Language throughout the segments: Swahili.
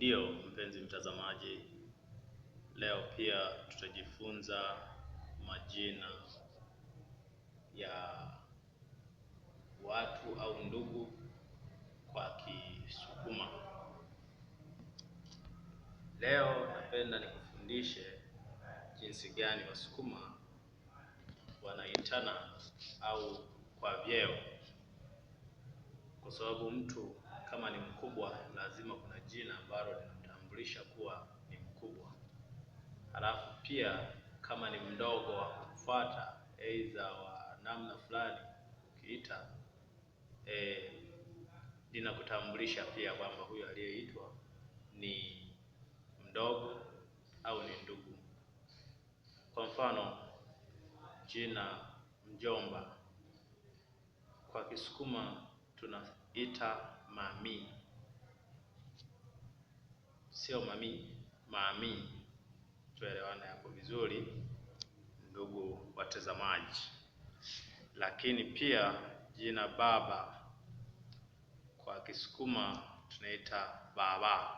Ndiyo mpenzi mtazamaji, leo pia tutajifunza majina ya watu au ndugu kwa Kisukuma. Leo napenda nikufundishe jinsi gani Wasukuma wanaitana au kwa vyeo, kwa sababu mtu kama ni mkubwa kujitambulisha kuwa ni mkubwa, halafu pia kama ni mdogo wa kufuata aidha wa namna fulani ukiita e, eh, linakutambulisha pia kwamba huyu aliyeitwa ni mdogo au ni ndugu. Kwa mfano jina mjomba kwa Kisukuma tunaita mamii sio mami maami. tuelewane hapo vizuri, ndugu watazamaji. Lakini pia jina baba kwa Kisukuma tunaita baba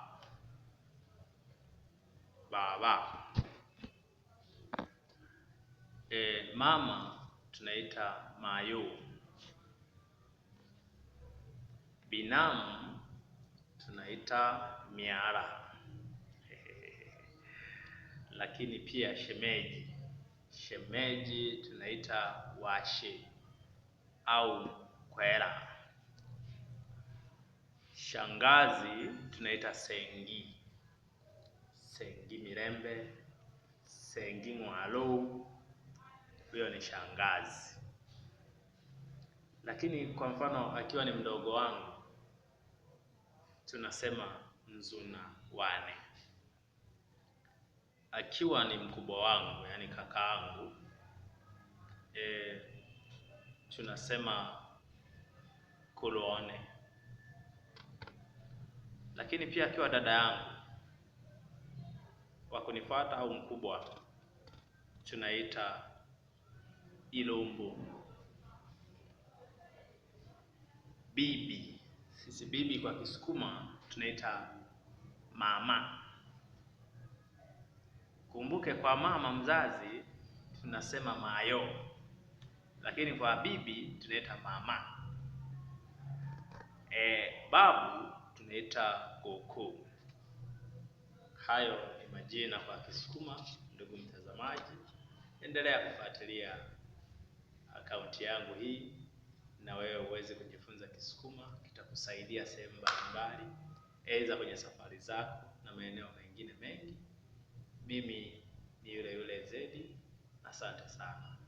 baba. E, mama tunaita mayo. Binamu tunaita miara lakini pia shemeji. Shemeji tunaita washi au kwera. Shangazi tunaita sengi, sengi mirembe, sengi mwalo, huyo ni shangazi. Lakini kwa mfano akiwa ni mdogo wangu tunasema mzuna wane akiwa ni mkubwa wangu, yaani yangu e, tunasema kuloone, lakini pia akiwa dada yangu wa kunifuata au mkubwa tunaita ilombo. Bibi sisi, bibi kwa Kisukuma tunaita mama kumbuke kwa mama mzazi tunasema mayo, lakini kwa bibi tunaita mama. E, babu tunaita koko. Hayo ni majina kwa Kisukuma. Ndugu mtazamaji, endelea kufuatilia akaunti yangu hii na wewe uweze kujifunza Kisukuma, kitakusaidia sehemu mbalimbali, aidha kwenye safari zako na maeneo mengine mengi. Mimi ni yule yule Zedi, asante sana.